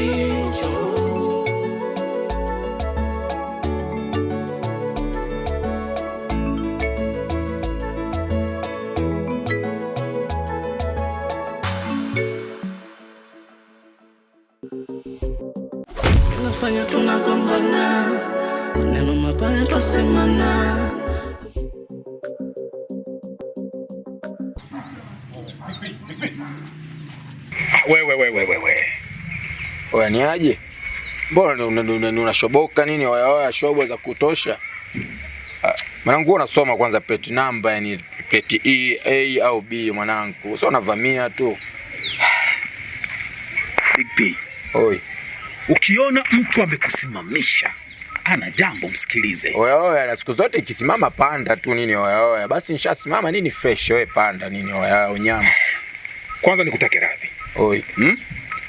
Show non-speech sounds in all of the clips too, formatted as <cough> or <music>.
see ni aje? Mbona unashoboka nini? Waya waya shobo za kutosha. Ah, mwanangu unasoma kwanza plate number, yani plate E, A au B mwanangu. Sio unavamia tu. <sighs> Big P. Oi. Ukiona mtu amekusimamisha ana jambo msikilize. Oya oya, na siku zote ikisimama panda tu nini oya oya. Basi nishasimama nini fresh wewe panda nini oya oya nyama. <sighs> Kwanza nikutake radhi. Oi. Hmm?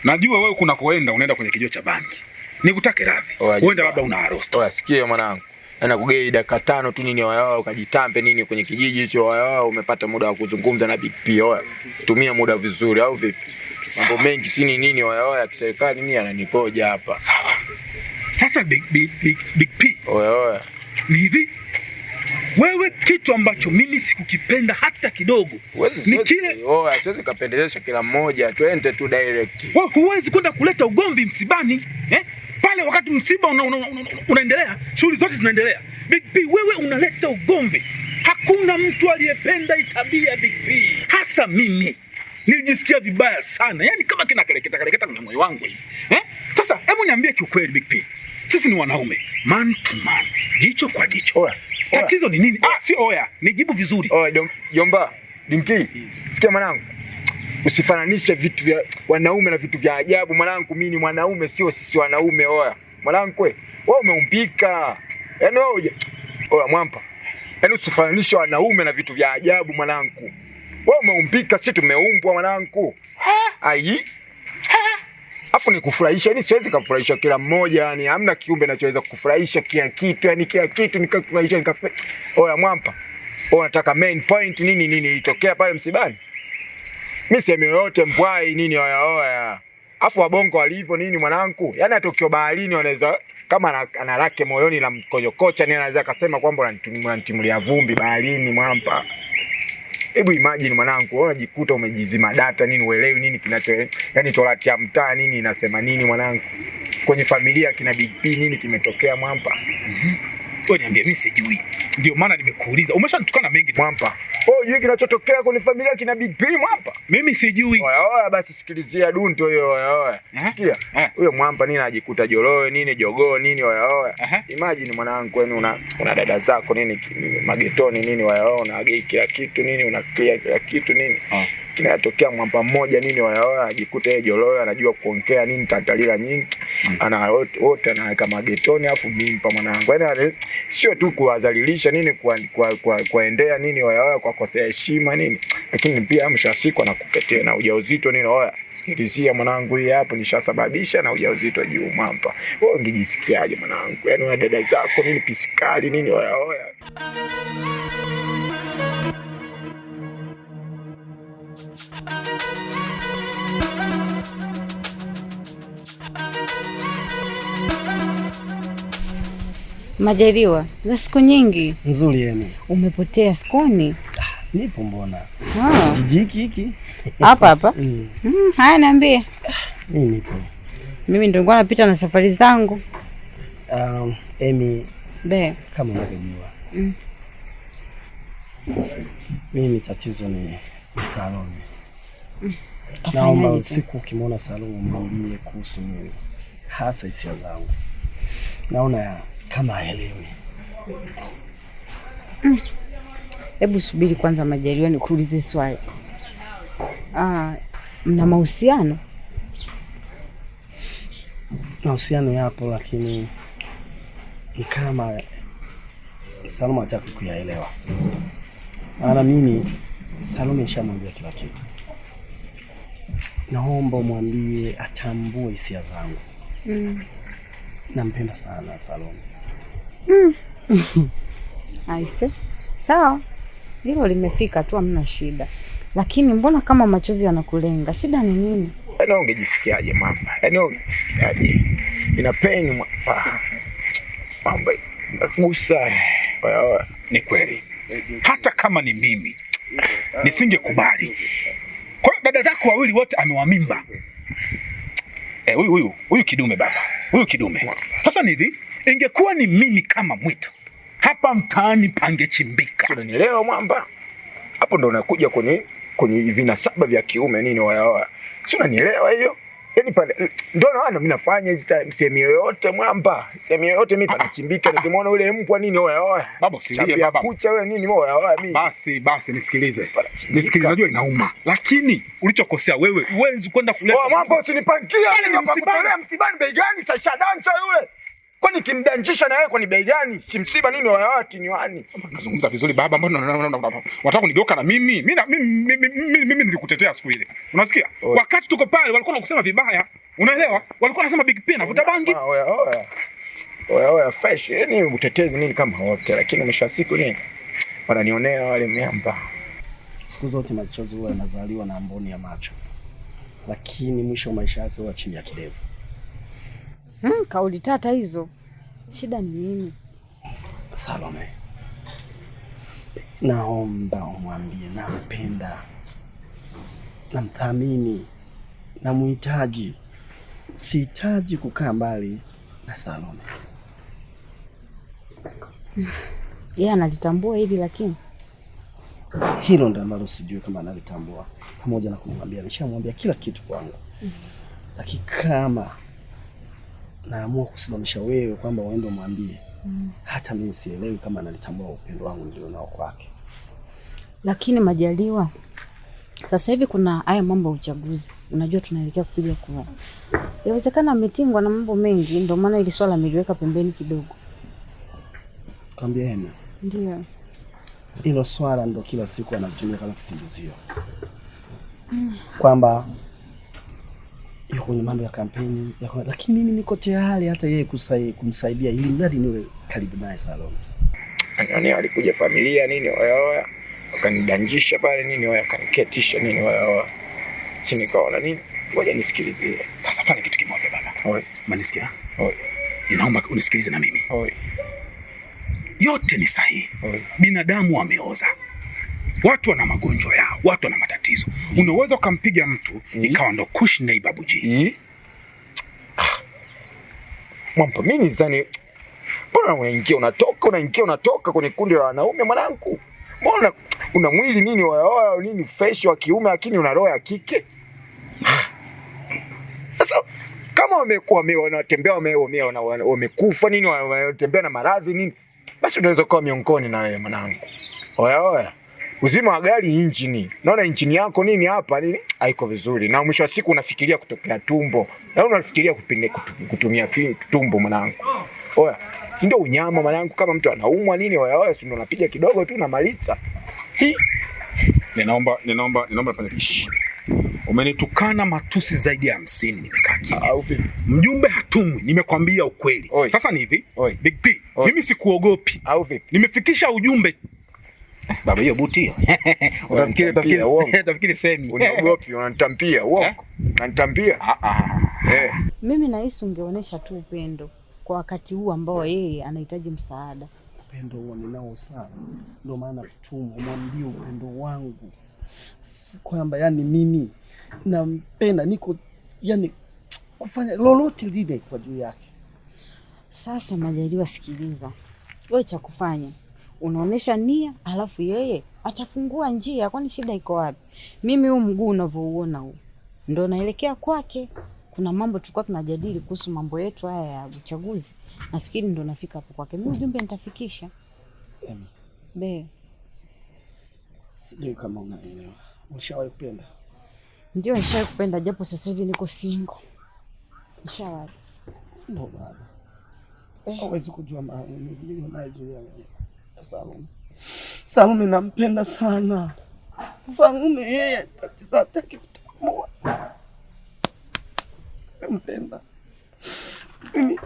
Najua wewe kuna kuenda unaenda kwenye kijio cha banki. Nikutake radhi. Oh, Uenda labda una harusi. Oya, oh, sikia mwanangu. Ana kugei dakika tano tu nini wao kajitambe nini kwenye kijiji hicho wao umepata muda wa kuzungumza na Big P. Oya, tumia muda vizuri au vipi? Mambo mengi sini nini wao ya kiserikali nini ananikoja hapa. Sawa. Sasa Big Big Big P. Oya oya. Ni hivi? Wewe kitu ambacho mimi sikukipenda hata kidogo ni kile oh, siwezi kupendeleza kila mmoja, twende tu direct. Wewe huwezi kwenda kuleta ugomvi msibani eh? Pale wakati msiba unaendelea una, una, una shughuli zote zinaendelea, Big P wewe unaleta ugomvi. Hakuna mtu aliyependa itabia Big P, hasa mimi nilijisikia vibaya sana, yani kama kina kinakeleketa keleketa na moyo wangu hivi eh? Sasa hebu niambie kiukweli, Big P, sisi ni wanaume, man to man, jicho kwa jicho Ola. Tatizo ni nini? Ah, si oya, nijibu vizuri. Oh, jomba, Dinki, sikia mwanangu. Usifananishe vitu vya wanaume na vitu vya ajabu mwanangu, mimi ni mwanaume sio sisi wanaume oya. Mwanangu wewe, wewe umeumpika. Yaani wewe oya mwampa. Yaani usifananishe wanaume na vitu vya ajabu mwanangu. Wewe umeumpika, sisi tumeumbwa mwanangu. Ai afu ni kufurahisha, yani siwezi kufurahisha kila mmoja, yani hamna kiumbe nachoweza kukufurahisha kila kitu, yani kila kitu nikakufurahisha nikafe. Oya mwampa, oya nataka main point nini nini itokea pale msibani, mimi sehemu yoyote mbwai nini, oya oya. Afu wabongo walivyo nini mwanangu, yani atokio baharini wanaweza kama ana lake moyoni la mkojokocha, ni anaweza akasema kwamba unanitimulia vumbi baharini mwampa. Hebu imagine mwanangu, wewe unajikuta umejizima data nini, uelewi nini kinacho, yani torati ya mtaa nini inasema nini mwanangu, kwenye familia kina Big P nini kimetokea mwampa. mm -hmm wewe niambie, mimi sijui. Ndio maana nimekuuliza. Umeshanitukana mengi Mwampa. Oh, yeye kinachotokea kwenye familia kina Big P Mwampa. Mimi sijui. Oya oya, basi sikilizia dunto hiyo oya oya. Eh? Sikia. Eh. Huyo Mwampa nini anajikuta joloe nini jogoo nini oya oya. Eh? Imagine mwanangu wewe una una dada zako nini magetoni nini oya oya una gei kila kitu nini una kia kila kitu nini. Ah. Kinatokea Mwampa mmoja nini oya oya anajikuta yeye joloe anajua kuongea nini tatalila nyingi. Mm. ana wote anaweka magetoni, afu mimpa mwanangu, yani sio tu kuwadhalilisha nini, kuwaendea nini, kwa kosea heshima nini, lakini pia na anakupetea na ujauzito nini, oya sikilizia mwanangu, hii hapo nishasababisha na ujauzito juu mampa wewe ungejisikiaje mwanangu? yani wewe dada zako nini, pisikali nini, oya oya Majaliwa za siku nyingi nzuri yani. Umepotea skoni? Ah, nipo mbona. Ah. Jiji hiki <laughs> hapa hapa. Mm. Mm, haya niambie. Ah, mimi nipo. Mimi ndio nilikuwa napita na safari zangu. Um, Emi be kama unavyojua. Mm. Mimi tatizo ni saloni. Mm. Naomba usiku ukimwona saloni mwambie kuhusu mimi hasa hisia zangu. Naona kama aelewi. Mm. Hebu mm, subiri kwanza Majaliwa, nikuulize swali. Ah, mna mahusiano? Mahusiano yapo, lakini kama Salma hataki kuyaelewa, maana mimi Salma nishamwambia kila kitu. Naomba umwambie atambue hisia zangu. Mm. Nampenda sana Salma. Mm. Aise, <laughs> sawa, hilo limefika tu, hamna shida, lakini mbona kama machozi yanakulenga? Shida ni nini? Yaani ungejisikiaje mama? Yaani ungejisikiaje? Ina pain mamba gusa. Ni kweli, hata kama ni mimi nisingekubali. Kwa hiyo dada zako wawili wote amewamimba eh, huyu, huyu huyu kidume baba, huyu kidume. Sasa ni hivi ingekuwa ni mimi kama mwito hapa mtaani pangechimbika. Unanielewa mwamba? Hapo ndo unakuja kwenye kwenye vinasaba vya kiume nini wayawaya, si unanielewa hiyo? Yaani pale ndio naona mimi nafanya hizi time sehemu yoyote mwamba. Sehemu yoyote mimi panachimbika nikimwona yule mpwa nini oya oya. Baba usilie baba. Kucha yule nini oya oya mimi. Basi basi nisikilize. Nisikilize najua inauma. Lakini ulichokosea wewe huwezi kwenda kuleta. Oh, mambo usinipangia. Yaani msibane msibani bei gani sasa dancha yule. Kwani kimdanjisha na wewe kwa ni bei gani? Si msiba nini wa watu ni wani? Nazungumza vizuri baba, mbona unataka kunigeuka na mimi? Mimi nilikutetea siku ile. Unasikia? Wakati tuko pale walikuwa wanakusema vibaya. Unaelewa? Walikuwa wanasema Big P anavuta bangi. Oya oya. Oya oya fresh. Yaani utetezi nini kama wote lakini mwisho wa siku nini? Wananionea wale miamba. Siku zote machozi huwa yanazaliwa na amboni ya macho. Lakini mwisho wa maisha yake huwa chini ya kidevu. Hmm, kauli tata hizo. Shida ni nini? Salome, naomba umwambie nampenda, namthamini, namhitaji. Sihitaji kukaa mbali na Salome. <laughs> Yeye analitambua hili, lakini hilo ndo ambalo sijui kama analitambua, pamoja na kumwambia, nishamwambia kila kitu kwangu, mm-hmm. lakini kama naamua kusimamisha wewe kwamba uende umwambie. Mm. Hata mimi sielewi kama analitambua upendo wangu nilionao kwake. Lakini Majaliwa, sasa hivi kuna haya mambo ya uchaguzi, unajua tunaelekea kupiga kura. yawezekana ametingwa na mambo mengi, ndio maana ili swala ameliweka pembeni kidogo. Kwambia ena, ndio hilo swala ndo kila siku anatumia kama kisingizio. Mm. kwamba yuko kwenye mambo ya kampeni ya kwa, lakini mimi niko tayari hata yeye kumsaidia ili mradi niwe karibu naye salon. Anionea alikuja familia nini oya oya, wakanidanjisha pale nini oya, wakaniketisha nini oya oya, si nikaona nini, ngoja nisikilize. Sasa fanya kitu kimoja baba, oi manisikia oi ninaomba unisikilize na mimi oi, Yote ni sahihi, binadamu wameoza, watu wana magonjwa watu wana matatizo mm. Unaweza ukampiga mtu mm. ikawa ndo kush neighbor buji mm. Mwampa, mimi nizani, mbona unaingia unatoka, unaingia unatoka kwenye kundi la wanaume mwanangu, mbona una mwili nini wa wayaoya nini fresh wa kiume, lakini una roho ya kike. Sasa kama wamekuwa wanatembea wame, wame, wamekufa nini wanatembea na maradhi nini, basi unaweza kuwa miongoni na wewe mwanangu, oya oya uzima wa gari injini, naona injini yako nini hapa nini haiko vizuri, na mwisho wa siku unafikiria kutokea tumbo na yaani unafikiria kupine, kutumia, kutumia tumbo mwanangu. Oya, ndio unyama mwanangu, kama mtu anaumwa nini, oya oya, si ndo napiga kidogo tu Hi, Ninaomba, ninaomba, ninaomba nifanye kitu. Umenitukana matusi zaidi ya hamsini nimekaa kimya. Mjumbe hatumwi, nimekwambia ukweli. Oi. Sasa ni hivi, Big P, mimi sikuogopi. Nimefikisha ujumbe Baba hiyo buti hiyo. Utafikiri <laughs> utafikiri utafikiri <laughs> semi. Unaogopi <laughs> unanitampia uongo. Eh? Unanitampia? Ah ah. Eh. Mimi Yesu ungeonesha tu upendo kwa wakati huu ambao yeye anahitaji msaada. Upendo huo ninao sana. Ndio maana mtume mwambie upendo wangu. kwamba yani mimi nampenda niko yani kufanya lolote lile kwa juu yake. Sasa Majaliwa, sikiliza. Wewe cha kufanya unaonesha nia, alafu yeye atafungua njia. Kwani shida iko wapi? Mimi huu mguu unavyouona huu ndo naelekea kwake. Kuna mambo tulikuwa tunajadili kuhusu mambo yetu haya ya uchaguzi, nafikiri ndo nafika hapo kwake. Mimi ujumbe nitafikisha be. Sijui kama unaelewa. Ulishawahi kupenda? Ndio, nishawahi kupenda, japo sasa hivi niko single. Nishawahi ndo baba, hawezi kujua Salome. Salome nampenda sana. Salome yeye tatizo hataki kutambua. Nampenda. Mimi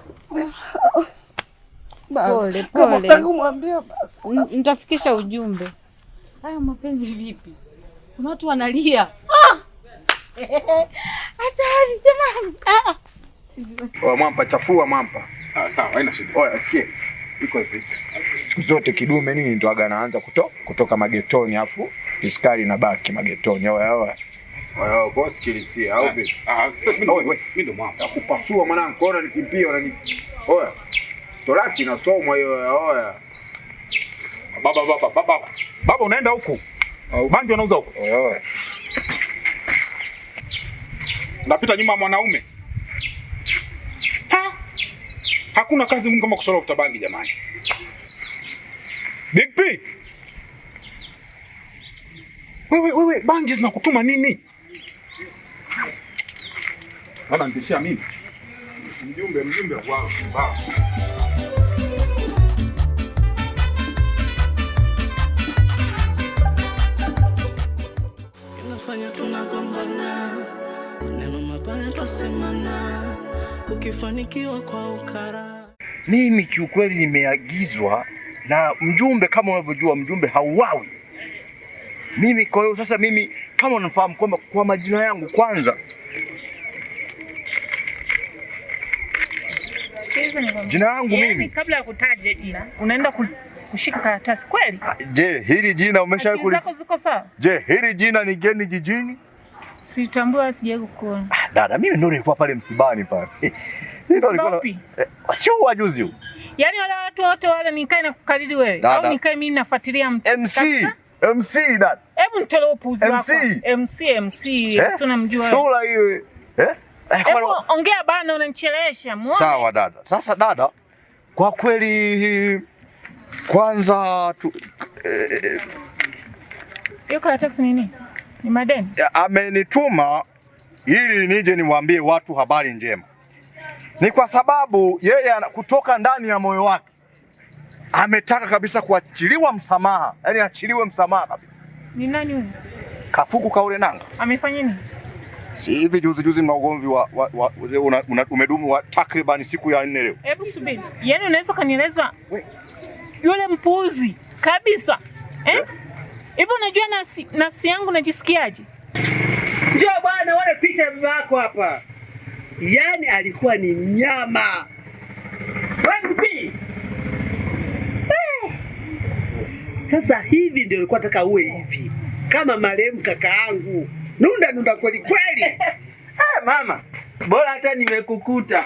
Pole pole. Kumwambia basi. Nitafikisha ujumbe. Haya mapenzi vipi? Kuna watu wanalia. Ah! Hatari jamani. Ah! Oh, mwampa chafua mwampa. Ah, sawa, haina shida. Oya, sikie. Iko vipi? siku zote kidume nini ndo aga naanza kuto, kutoka magetoni, afu iskari baki magetoni. Oya oya ah, ah, kupasua mwanangu, kona nikimpia oya, torati hiyo. Oya baba, baba, baba, baba, unaenda huku huku, napita nyuma mwanaume ha? hakuna kazi ngumu kama kushora utabangi jamani. Big P. Wewe wewe bangi zinakutuma nini? Baba nitishia mimi. Mjumbe mjumbe wao. Inafanya tunagombana. Neno mabaya twasemana. Ukifanikiwa kwa ukara. Mimi kiukweli nimeagizwa na mjumbe kama unavyojua mjumbe hauawi. Mimi kwa hiyo sasa, mimi kama unafahamu kwamba kwa majina yangu kwanza, jina yangu yaani mimi, kabla ya kutaja jina, unaenda kushika karatasi kweli? Ah, je, hili jina umesha ziko sawa? Je, hili jina ni geni jijini? Sitambua, sijawahi kukuona. Ah, dada mimi ndio nilikuwa pale msibani pale. <laughs> Eh, sio wajuzi huo Yaani wale watu wote wale nikae na kukariri wewe au nikae mimi nafuatilia mtu. MC. MC dad. Hebu nitolee upuzi wako. MC MC eh? Unamjua wewe. Sura hiyo. Eh? eh Hebu ongea bana unanichelesha Muone. Sawa dada. Sasa dada kwa kweli kwanza tu, eh, hiyo karatasi nini? Ni madeni. Amenituma ili nije niwaambie watu habari njema ni kwa sababu yeye kutoka ndani ya moyo wake ametaka kabisa kuachiliwa msamaha, yani achiliwe msamaha kabisa. Ni nani huyo? Kafuku kaule nanga amefanya nini? Si hivi juzi juzi mna ugomvi wa, wa, wa, umedumu wa takriban siku ya nne leo. Hebu subiri, yaani unaweza kanieleza yule mpuuzi kabisa eh? Hivi Unajua nafsi, nafsi yangu najisikiaje? Njoo bwana, wale picha ya baba yako hapa yani alikuwa ni mnyama MP. Eh. Sasa hivi ndio nilikuwa nataka uwe hivi kama marehemu yangu Nunda Nunda, kweli kweli. <laughs> Ah, mama bora hata nimekukuta.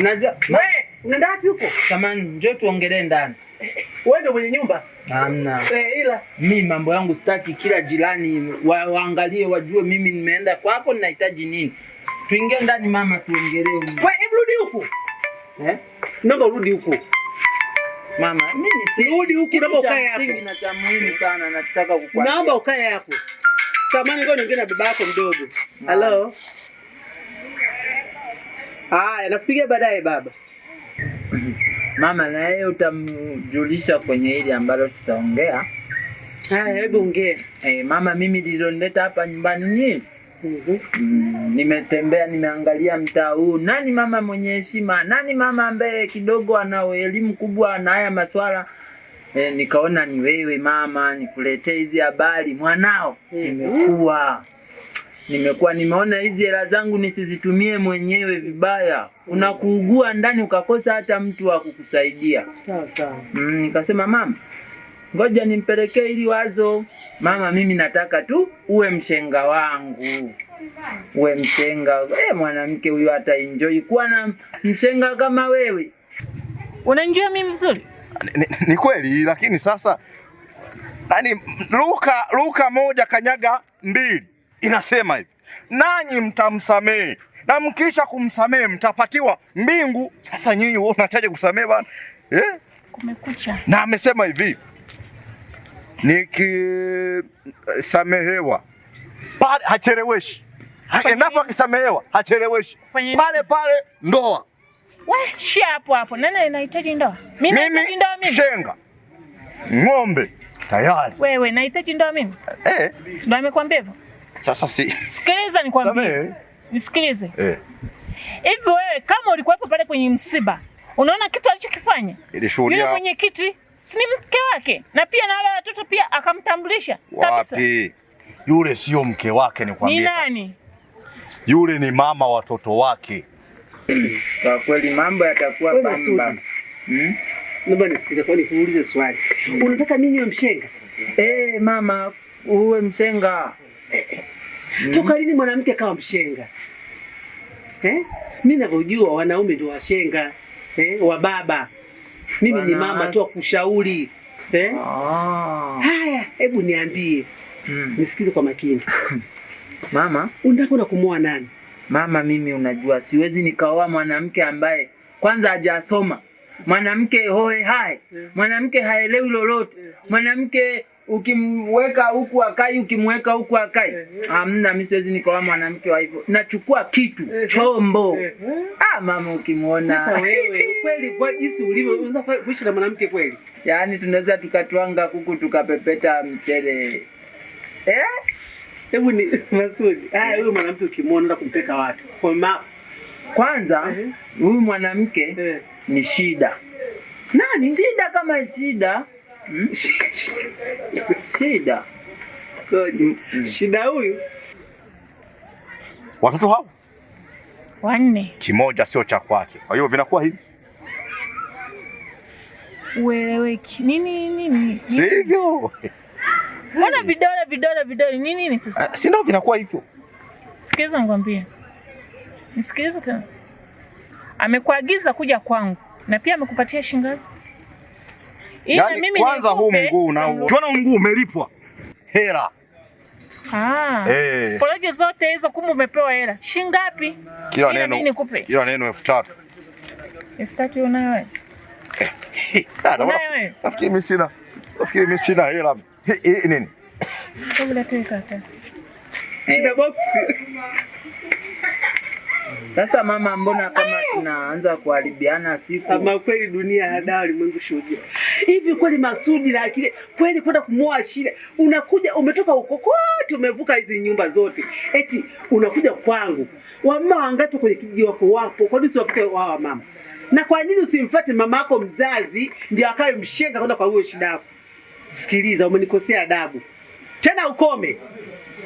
Unajua wewe unaenda wapi huko? Samani, njoo tuongelee ndani. Wewe ndio mwenye nyumba? Hamna. Eh, ila mimi mambo yangu sitaki kila jirani waangalie wajue mimi nimeenda kwako ninahitaji nini. Tuingie ndani mama, tuongelee. Wewe hebu rudi huko. Eh? Naomba urudi huko. Mama, mimi si rudi huko, naomba ukae hapo. Mimi na cha muhimu sana nataka kukuambia. Naomba ukae hapo. Samani ngoja niongee na baba yako mdogo. Hello. Haya, nakupigia baadaye baba. Mama, na yeye utamjulisha kwenye hili ambalo tutaongea. Haya, hebu ongea. Eh, mama, mimi nililonileta hapa nyumbani nini? Mm, nimetembea nimeangalia mtaa huu, nani mama mwenye heshima, nani mama ambaye kidogo ana elimu kubwa na haya maswala e, nikaona ni wewe mama, nikuletee hizi habari mwanao. Mm. Nimekuwa nimekuwa nimeona hizi hela zangu nisizitumie mwenyewe vibaya. Unakuugua ndani ukakosa hata mtu wa kukusaidia. Sawa sawa. Mm, nikasema mama ngoja nimpelekee hili wazo. Mama, mimi nataka tu uwe mshenga wangu, uwe mshenga. Eh, mwanamke huyu hata enjoy kuwa na mshenga kama wewe. Unanjua mimi vizuri ni, ni, ni kweli, lakini sasa yani Luka, Luka moja kanyaga mbili inasema hivi, nanyi mtamsamehe na mkisha kumsamehe mtapatiwa mbingu. Sasa nyinyi wewe unataja kusamehe bwana eh? Kumekucha. Na amesema hivi nikisamehewa pale hacheleweshi, endapo akisamehewa hacheleweshi pale pale, ndoa We, shia hapo hapo. Nani anahitaji ndoa? Mimi nahitaji ndoa mimi. Shenga ng'ombe tayari. Wewe nahitaji ndoa mimi eh? Ndio amekwambia hivyo. Sasa si sikiliza, nikwambie, nisikilize eh. Hivi wewe kama ulikuwa hapo pale kwenye msiba, unaona kitu alichokifanya yule kiti si ni mke wake na pia na wale watoto pia akamtambulisha Wapi? Yule sio mke wake, nikwambie. Ni nani? Yule ni mama watoto wake. Kwa kweli mambo yatakuwa bamba. Hmm? Naomba nisikilize kwa nikuulize swali. Unataka mimi niwe mshenga? Eh, mama uwe mshenga. Hmm. Toka lini mwanamke kawa mshenga? Eh? Mimi wanaume ndio washenga, eh, wa baba mimi ni mama tu akushauri eh? Oh. Haya, hebu niambie mm. Nisikize kwa makini <laughs> mama, unakwenda kumwoa nani? Mama mimi, unajua siwezi nikaoa mwanamke ambaye kwanza hajasoma, mwanamke hoe hai, hmm. mwanamke haelewi lolote, hmm. mwanamke ukimweka huku akai, ukimweka huku akai. Hamna, mimi siwezi nikawa mwanamke wa hivyo, nachukua kitu eh. chombo. Eh. Ah, mama ukimwona. Sasa wewe kweli kwa jinsi ulivyo kuishi na mwanamke kweli? Yaani, tunaweza tukatwanga kuku tukapepeta mchele eh? Hebu ni <laughs> Masudi. Ah, eh. huyu mwanamke ukimwona na kumpeka wapi? Kwa ma... Kwanza huyu mwanamke ni shida. Nani? Shida kama shida shida shida huyu. Watoto hao wanne, kimoja sio cha kwake, kwa hiyo vinakuwa hivi ueleweki nini nini, sivyo? Mbona vidole vidole vidole nini nini? Sasa ah, si ndio vinakuwa hivyo. Sikiliza ngwambie, nisikilize tena, amekuagiza kuja kwangu na pia amekupatia shingapi? Yaani, yaani kwanza huu mguu na mguu umelipwa hela. Ah. Hey. Eh. zote hizo kumbe umepewa hela. shingapi? Kila neno. nikupe. Kila neno elfu tatu. Elfu tatu unayo wewe? Eh. <laughs> Nafikiri mimi sina. Nafikiri mimi sina hela. Nini? Hebu leta karatasi. Sina sasa mama, mbona kama tunaanza kuharibiana siku? Kama kweli dunia ya dawa, limwengu shuhudia. Hivi kweli Masudi na akili kweli, kwenda kumoa shida, unakuja umetoka huko kote, umevuka hizi nyumba zote, eti unakuja kwangu. Wamama wangapi kwenye kijiji wako wapo? Kwa nini siwapate wao mama? Na kwa nini usimfuate mama yako mzazi, ndio akawe mshenga kwenda kwa huyo shida yako? Sikiliza, umenikosea adabu tena, ukome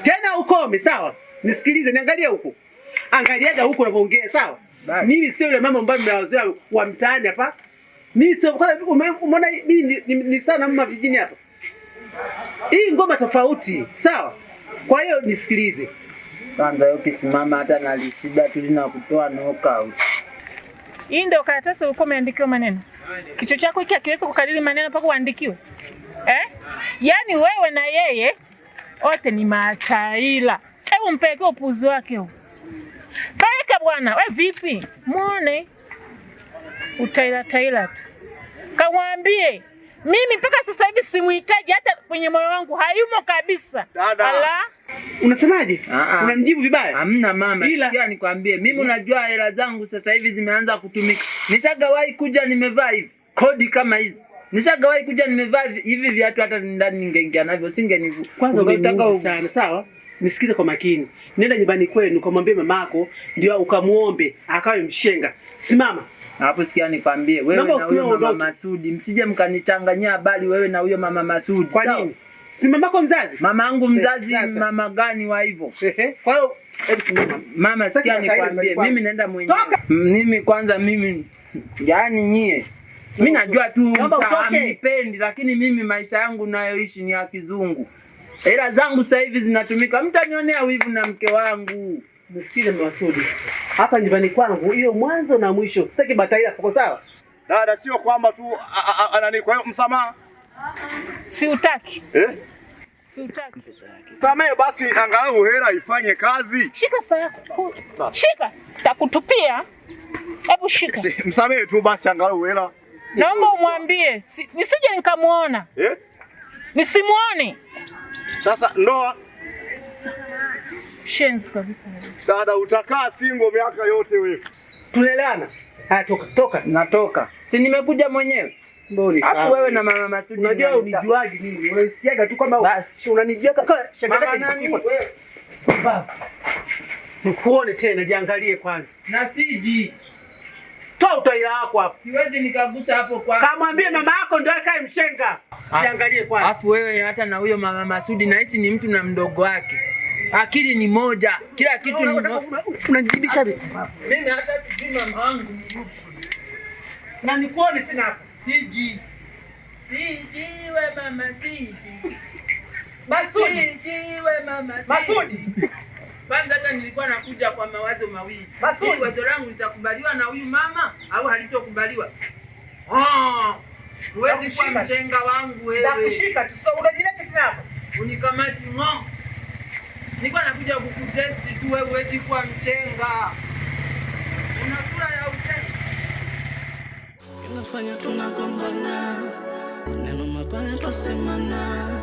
tena, ukome sawa. Nisikilize, niangalie huko angaliaga huko unavyoongea sawa. Mimi sio yule mama ambaye mmewazoea wa mtaani hapa. Mimi sio kwa umeona mimi ni, ni, ni sana mama vijijini hapa. Hii ngoma tofauti, sawa? Kwa hiyo nisikilize. Kwanza simama hata na lishida tu kutoa knockout. Hii ndio karatasi ulikuwa umeandikiwa maneno. Kichwa chako hiki hakiwezi kukadiri maneno mpaka uandikiwe. Eh? Yaani wewe na yeye wote ni machaila. Hebu mpeke upuzi wake huo. Kaeka bwana, we vipi? Muone utaila taila tu, kamwambie mimi mpaka sasa hivi simuhitaji hata kwenye moyo wangu, hayumo kabisa. Ala, unasemaje? Ah, ah. Unanijibu vibaya? Hamna mama, sikia nikwambie, mimi unajua mm. hela zangu sasa hivi zimeanza kutumika. Nishagawahi kuja nimevaa hivi kodi kama hizi nishagawahi kuja nimevaa hivi viatu, hata ndani ningeingia navyo singenivu. Kwanza unataka sana, sawa, nisikize kwa makini nenda nyumbani kwenu ukamwambie mamako ndio ukamuombe akawe mshenga. Simama hapo, sikia nikwambie, wewe na huyo mama Masudi msije mkanichanganyia habari, wewe na huyo mama Masudi. Kwa nini? Si mamako mzazi? yangu mzazi, eh, mama gani wa hivyo? Kwa hiyo mama, sikia nikwambie, mimi naenda mwenyewe. Mimi kwanza, mimi yani nyie mimi najua tu mnipendi, lakini mimi maisha yangu nayoishi ni ya kizungu. Hela zangu sasa hivi zinatumika, mtanionea wivu na mke wangu. Msikize Masudi, hapa nyumbani kwangu hiyo mwanzo na mwisho, sitaki bataila. kwa sawa dada, sio kwamba tu anani. Kwa hiyo msamaha si utaki eh? Si utaki samee, basi angalau hela ifanye kazi. Shika saa, shika takutupia. Hebu shika, msamee tu basi angalau hela. Naomba umwambie si, nisije nikamuona eh? Nisimuone sasa ndoa shenzi kabisa. Dada utakaa single miaka yote wewe. Tunaelewana? Haya toka, toka. Natoka. Si nimekuja mwenyewe. Hapo wewe na Mama Masudi. Unajua unijuaje mimi? Unanisikiaga tu kama basi unanijua kaka shaka nani Baba. Nikuone tena jiangalie kwanza. Na siji. Toa utaira wako hapo. Siwezi nikagusa hapo kwa. Kamwambie mama yako ndio akae mshenga. Jiangalie kwanza. Alafu wewe hata na huyo mama Masudi na hisi ni mtu na mdogo wake. Akili ni moja, kila kitu ni moja. Unajibisha vipi? Mimi hata sijui mama wangu ni yupi. Na nikuone tena hapo. Siji. Siji we mama Siji. Masudi. Siji we mama Siji. Masudi. Kwanza hata nilikuwa nakuja kwa mawazo mawili, wazo langu litakubaliwa na huyu mama au halitokubaliwa. Oh, huwezi kuwa mshenga wangu wewe. Unikamati ngo, nilikuwa nakuja kukutest tu, wewe huwezi kuwa mshenga. Una sura ya ushenga. Inafanya tunagombana, neno mabaya twasemana,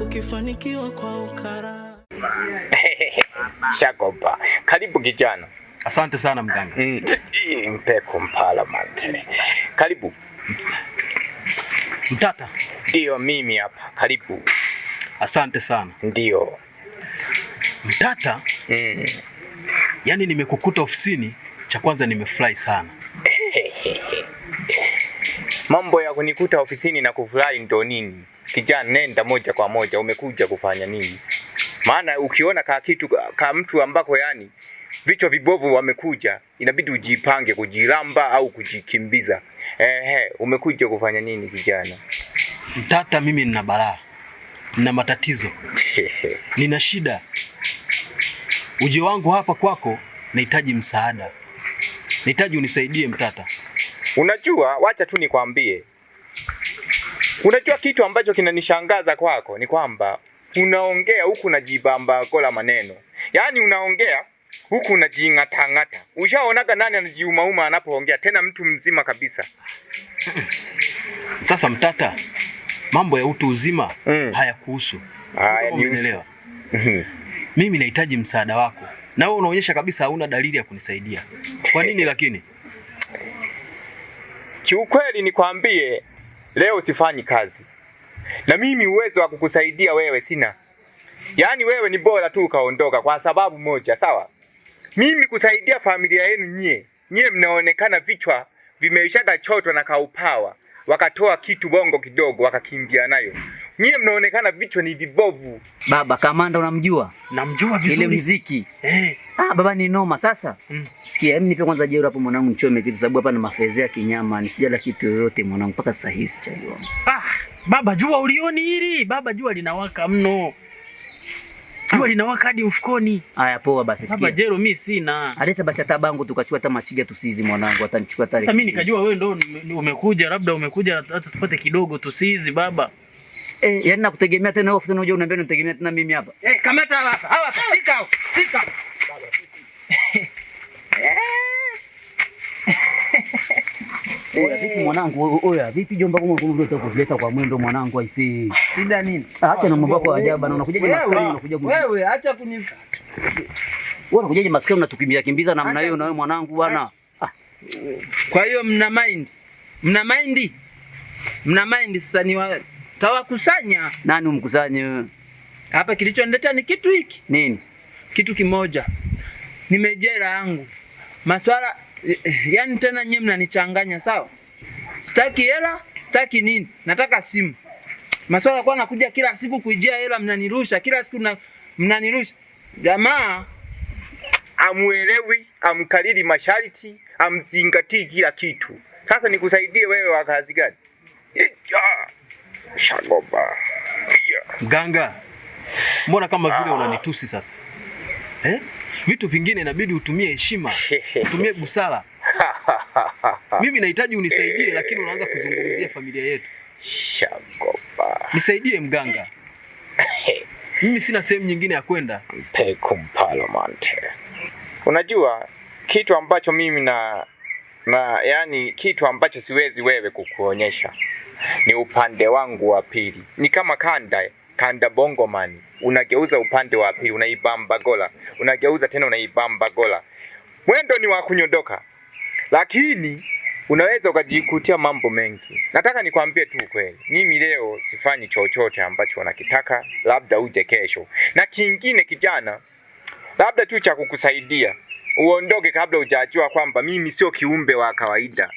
ukifanikiwa kwa ukara Shakopa. Karibu kijana. Asante sana mganga. Mm. mpala mante. Karibu. Mtata. Ndio mimi hapa. Karibu. Asante sana. Ndio. Mtata. Mm. Yaani nimekukuta ofisini, cha kwanza nimefurahi sana. Mambo ya kunikuta ofisini na kufurahi ndo nini? kijana, nenda moja kwa moja, umekuja kufanya nini? Maana ukiona ka kitu ka mtu ambako yani vichwa vibovu wamekuja, inabidi ujipange kujiramba au kujikimbiza. Ehe, umekuja kufanya nini kijana? Mtata, mimi nina balaa, nina matatizo nina shida. Uje wangu hapa kwako, nahitaji msaada, nahitaji unisaidie Mtata. Unajua, wacha tu nikwambie Unajua kitu ambacho kinanishangaza kwako ni kwamba unaongea huku unajibamba kola maneno, yaani unaongea huku unajing'atang'ata. Ushaonaga nani anajiumauma anapoongea, tena mtu mzima kabisa? Sasa mtata, mambo ya utu uzima mm. kuhusu Haya, nielewa. Mhm. Mimi nahitaji msaada wako, na wewe unaonyesha kabisa hauna dalili ya kunisaidia. Kwa nini lakini? Kiukweli nikwambie leo sifanyi kazi, na mimi uwezo wa kukusaidia wewe sina. Yaani wewe ni bora tu ukaondoka kwa sababu moja, sawa? Mimi kusaidia familia yenu nyie, nyie mnaonekana vichwa vimeishaka chotwa na kaupawa, wakatoa kitu bongo kidogo wakakimbia nayo. Nyie mnaonekana vichwa ni vibovu. Baba Kamanda unamjua? Namjua vizuri. Ile muziki. Eh. Ah, baba ni noma sasa. Mm. Sikia, hebu nipe kwanza jeru hapo mwanangu nichome kitu sababu hapa ni mafezea kinyama, nisijala kitu yoyote mwanangu mpaka sasa hizi cha wangu. Ah, baba jua ulioni hili? Baba jua linawaka mno. Jua ah, linawaka hadi mfukoni. Haya poa basi sikia. Baba jeru mimi sina. Aleta basi hata bangu tukachua hata machiga tusizi mwanangu atanichukua tarehe. Sasa mimi nikajua wewe ndo umekuja labda umekuja hata tupate kidogo tusizi baba. Eh, yaani nakutegemea tena wewe ofisini unajua uniambie nitegemea tena mimi hapa. Eh, kamata hapa. Hawa hapa. Shika hapo. Shika. Oya, eh, siku mwanangu, oya, vipi jomba kama kumbe unataka kuleta kwa mwendo mwanangu aisi. Shida nini? Acha na mambo yako ajabu na unakuja je maskani unakuja kwa Wewe acha kuni. Wewe unakuja je maskani unatukimbia kimbiza namna hiyo na wewe mwanangu bwana. Kwa hiyo mna mind. Mna mind. Mna mind sasa ni wewe tawakusanya. Nani umkusanye wewe? Hapa kilichonileta ni kitu hiki. Nini? Kitu kimoja. Nimejera yangu. Maswala eh, eh, yani tena nyinyi mnanichanganya sawa? Sitaki hela, sitaki nini? Nataka simu. Maswala kwa nakuja kila siku kuijia hela mnanirusha, kila siku na, mnanirusha. Jamaa amuelewi, amkalili masharti, amzingatii kila kitu. Sasa nikusaidie wewe wa kazi gani? Shagoba. Ganga. Mbona kama vile ah. unanitusi sasa? Eh? Vitu vingine inabidi utumie heshima, <laughs> utumie busara. <laughs> Mimi nahitaji unisaidie lakini unaanza kuzungumzia familia yetu. Shagoba. Nisaidie mganga. <laughs> Mimi sina sehemu nyingine ya kwenda. Parliament. Unajua kitu ambacho mimi na na yani kitu ambacho siwezi wewe kukuonyesha ni upande wangu wa pili. Ni kama kanda kanda bongomani, unageuza upande wa pili, unaibamba gola, unageuza tena, unaibamba gola. Mwendo ni wa kunyondoka, lakini unaweza ukajikutia mambo mengi. Nataka nikwambie tu kweli, mimi leo sifanyi chochote ambacho wanakitaka, labda uje kesho. Na kingine kijana, labda tu cha kukusaidia uondoke kabla hujajua kwamba mimi sio kiumbe wa kawaida,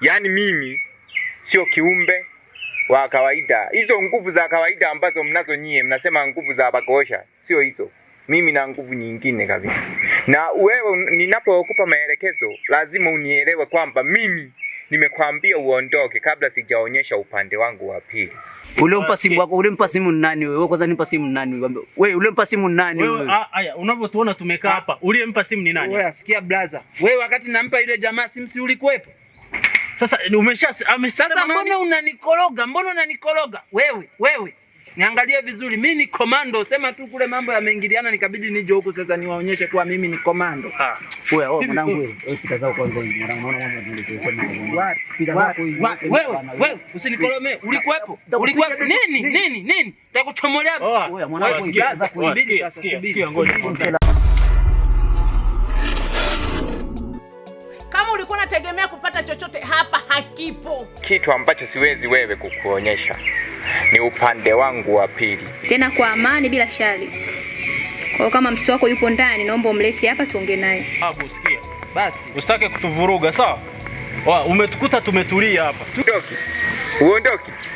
yaani mimi sio kiumbe wa kawaida. Hizo nguvu za kawaida ambazo mnazo nyie, mnasema nguvu za Bakoosha, sio hizo. Mimi na nguvu nyingine kabisa, na wewe ninapokupa maelekezo lazima unielewe kwamba mimi nimekwambia uondoke kabla sijaonyesha upande wangu wa pili. Ulimpa simu wako, ulimpa simu nani wewe? Kwanza nimpa simu nani wewe? Wewe ulimpa simu nani wewe? Haya, ah, unavyotuona tumekaa ah. hapa, uliyempa simu ni nani? Wewe asikia blaza. Wewe wakati nampa ile jamaa simu si ulikuwepo? Sasa umesha amesema mbona unanikoroga? Mbona unanikoroga? Wewe, wewe. Niangalie vizuri. Mimi ni komando, sema tu kule mambo yameingiliana nikabidi nije huku sasa niwaonyeshe kwa mimi ni komando. Ah. Wewe, wewe mwanangu wewe. Wewe Wapi? Wewe, wewe usinikolome. Ulikuwepo? Ulikuwepo? Nini? Nini? Nini? Nitakuchomolea. Wewe mwanangu, Sikia, ngoja. hakipo. Kitu ambacho siwezi wewe kukuonyesha ni upande wangu wa pili, tena kwa amani, bila shari. Kwa hiyo kama mtoto wako yupo ndani, naomba umlete hapa tuongee naye. Babu, ah, sikia basi, usitake kutuvuruga sawa? Umetukuta tumetulia hapa, uondoke.